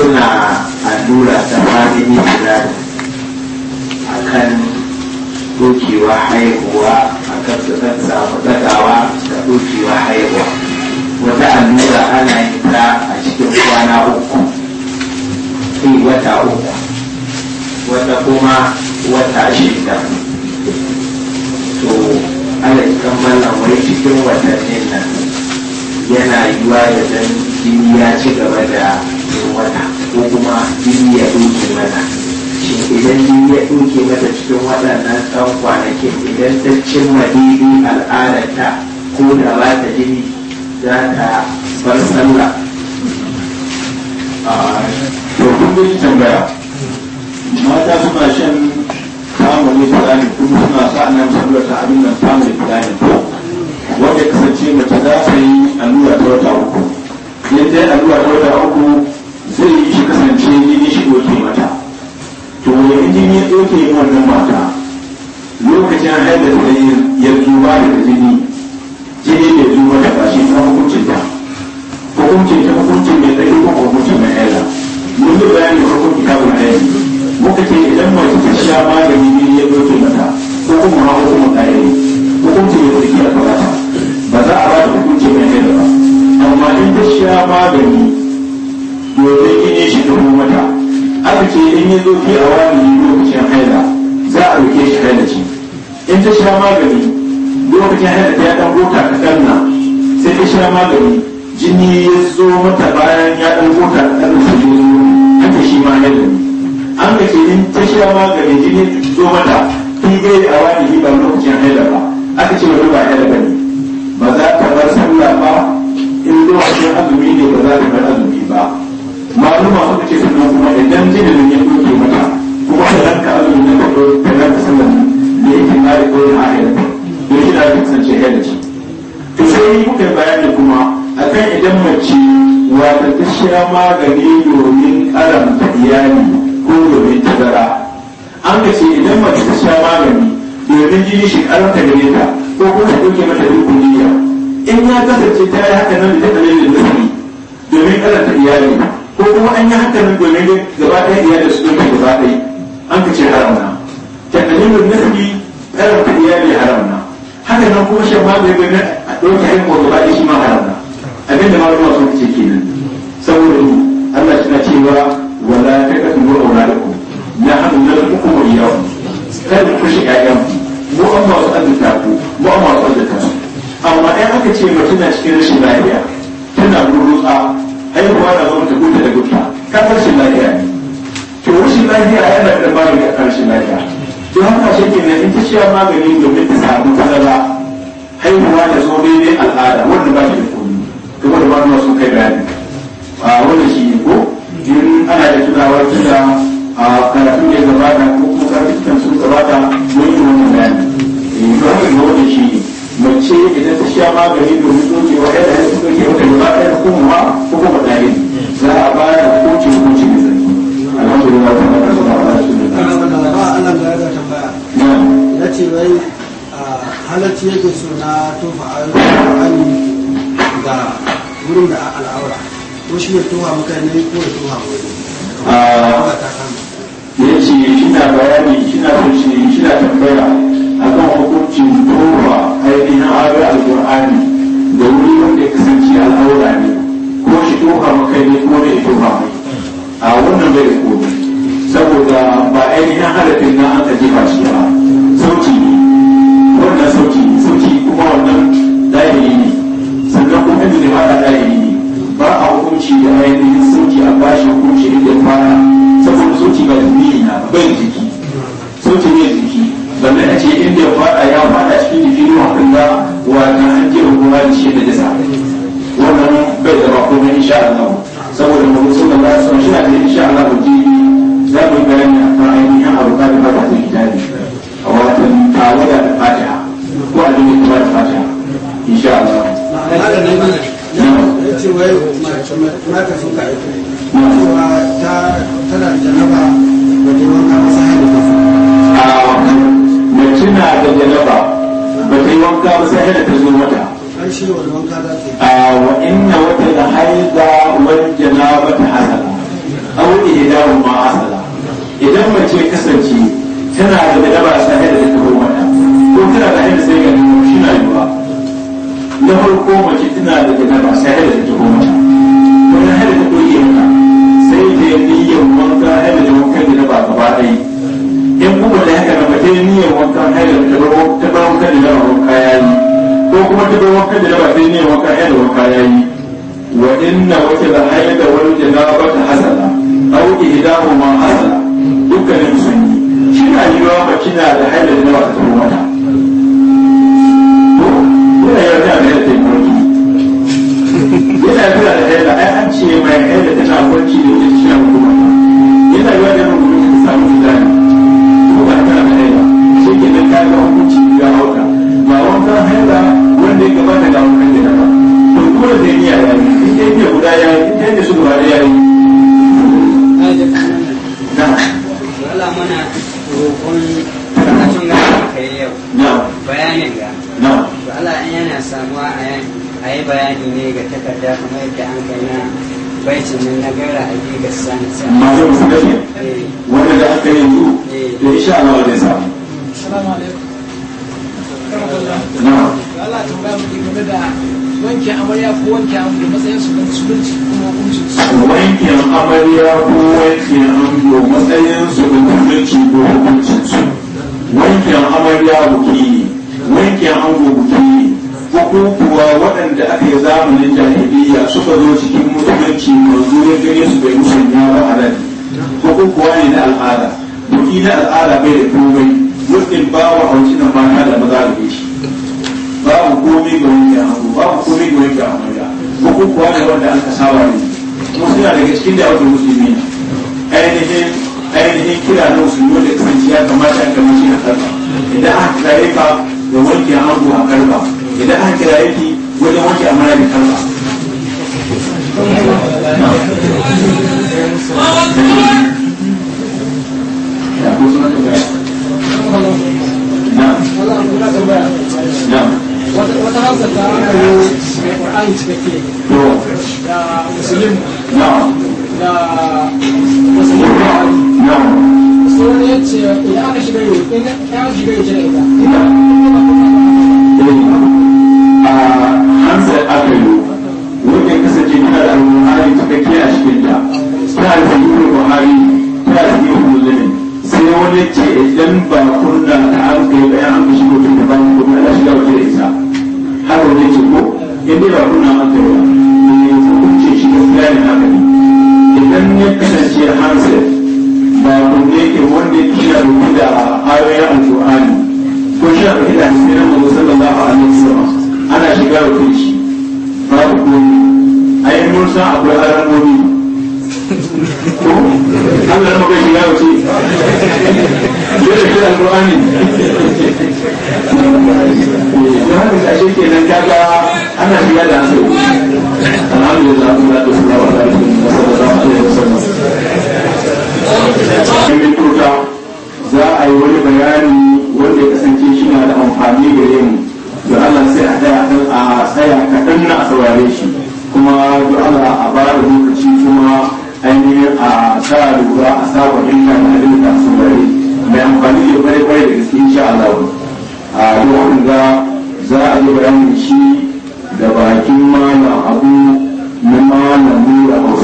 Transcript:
suna allura ta fadini da a kan dokewa haihuwa a kan samu dagawa da dokewa haihuwa wata allura ana yi ta a cikin kwana uku sai wata uku wata kuma wata shida to ana kammala wai cikin watannin nan yana yiwa da dan jini ya ci gaba da cikin wata ko kuma jini ya ɗauke mata idan jini ya ɗauke mata cikin waɗannan ɗan kwanakin idan ta cimma daidai al'adarta ko da ba ta jini za ta bar sallah ah, to kun yi tambaya mata suna shan samun fulani kuma suna sa nan sallar ta abin nan samun fulani wanda kasance mace za ta yi allura ta wata uku yadda allura ta wata uku zai yi shi kasance ne jini shi doke mata to ya jini ya doke wannan mata lokacin haidar da yi ya duba da jini jini da duba da ba shi ta hukuncin ta hukuncin ta hukuncin mai tsaye ko hukuncin mai haida mun yi bayani da hukuncin ta mun haida muka ce idan mai ta sha magani jini ya doke mata ko kuma hukumin in yi zo fi a wani lokacin haila za a rike shi haila ce in ta sha magani lokacin haila ta ya dan gota kaɗan na sai ta sha magani jini ya zo mata bayan ya dan gota kaɗan su sai zo haka shi ma haila ne an ka ce in ta sha magani jini zo mata in gai a wani ba lokacin haila ba aka ce wani ba haila ba ne ba za ta bar sallah ba in lokacin azumi maluma suka ce sannan kuma idan jinin ya kuke maka kuma da ranka a zuwa ka ɗo ka ranka sallan da yake kare ko ya haɗe da shi da aka kasance ya da shi to sai muka bayani kuma a akan idan mace wata ta sha magani domin karanta iyali ko domin tazara an ka ce idan mace ta sha magani domin jini shi karanta gare ta ko kuma ta ɗauke mata rukuniya in ya kasance ta yi haka nan da ta ɗaure da domin karanta iyali ko kuma an yi hankalin domin ne gaba ɗaya da su domin gaba ɗaya an ka ce haram na fi nasabi haram ta iyali haram na haka nan kuma shan bai domin a ɗauki haihuwa gaba ɗaya shi ma haram na abinda ma ruwa sun ce kenan saboda ni Allah shi na cewa wala ta kasu da auladakum na hannu na uku wa iyawu kada ku shi ƴaƴanku mu an ba su azuta ku mu an ba su azuta amma ɗaya aka ce mutum na cikin rashin lafiya tana gurutsa haihuwa na zama ta gudu da gudu ka rashin lafiya ne to rashin lafiya yana da magani a rashin lafiya to haka shi ke nan in ta ciya magani domin ta samu tazara haihuwa da zo daidai al'ada wanda ba shi da komi ba sun kai bayani a wanda shi ko in ana da tunawa tunda a karatun da ya gabata ko kuma karfikan sun gabata yi wannan bayani in ba mu yi wannan mace idan ta sha magani domin dokewa yadda ya suka ke wata gaba ɗaya kuma hukuma ɗari za a bayar da hukunci hukunci mai zai alhamdulillah suna ba su ne ba Allah ga ya tambaya ya ce wai halarci yake so na tofa ga wurin da al'aura ko shi ne tofa mutane ko ya tofa wani ah, ya ce shi na bayani shi na tambaya hukunci zuwa ainihin ayoyi alkur'ani da wuri wanda ya kasance al'aura ne ko shi toka makai ne ko ne toka mai a wannan bai komi saboda ba ainihin harafin na an tafi ba shi ba sauti ne wannan sauti sauti kuma wannan zahiri ne sannan kuma ne ma da zahiri ne ba a hukunci da ainihin sauti a bashi hukunci da fara saboda sauti ba da na bai jiki insha Allah saboda mu sun da ba su shi da insha Allah mu ji za mu bayani akan ainihin aruka da ba a wata tawada da fatiha ko a da kuma da fatiha insha Allah na ce wai aiki kasance tana da nadama sahi da take wannan ko tana da hanyar sai ga shi na yiwa na farko mace tana da nadama sahi da ta wannan wannan hali ta koyi mata sai da niyyar wanka hali da wanka da ba gaba dai in kuma da haka na mace niyyar wanka hali da ta ba wanka da ba wanka ya yi ko kuma ta ba wanka da ba sai niyyar wanka hali da wanka ya yi wa inna wata da hali da wani janaba ta hasala au ihdahuma hasala dukkanin musulmi kina na yiwa ba kina da haila na wata ta bayani ne ga takarda kamar yadda an kai na baitin nan na gara a ga sani sani masu musulmi eh. wanda da aka yi zu eh. da isha na wajen samu assalamu alaikum na'am Allah ta ba mu game da wanke amarya ko wanke ango matsayin su ga musulunci kuma hukuncin su wanke amarya ko wanke matsayin su ko hukuncin su wanke amarya buki wanke buki bukukuwa waɗanda aka yi zamanin jahiliya suka zo cikin musulunci manzo ya gani su bai musanya ba halal bukukuwa ne na al'ada buki na al'ada bai da komai ba wa hauci na mata da maza da shi babu komai ga wani ya hango babu komai ga wani ya amarya bukukuwa ne wanda an saba ne kuma suna daga cikin da wata musulmi na ainihin ainihin kira na musulmi wanda kasance ya kamata a kamar shi na karba idan aka kare ka da wanke hango a karba idan aka kira yake wajen wanke amana da kansa wata hausa ta mai ƙwar'ani da musulun da musulun ya ce idan ya shiga yau ta zai buhari ta zai muslim sai wani ce idan ba kunna ta an kai ba an amshi ko ta ba ko ta shiga waje isa har wani ce ko in ba kunna an kai ba ne ko ce shi gaskiya ne haka ne idan ya kasance hansa ba kunne ke wanda ke da rubu da ayoyin alqur'ani ko shi a kida sai na mu sallallahu alaihi wasallam ana shiga waje shi babu ko ayi mun san akwai alamomi da muka yi ya wuce dole ya haka kaga ana da su alhamdulillah da za a yi wani bayani wanda ya kasance shi na da amfani gare mu da Allah sai a tsaya a tsaya kaɗan na a saurare shi kuma da Allah a ba da lokaci kuma yi a sa lura a saba illa na abin da su mai amfani da bare da gaske insha Allah a lokacin da za a yi bayanin shi da bakin malam abu na malam nura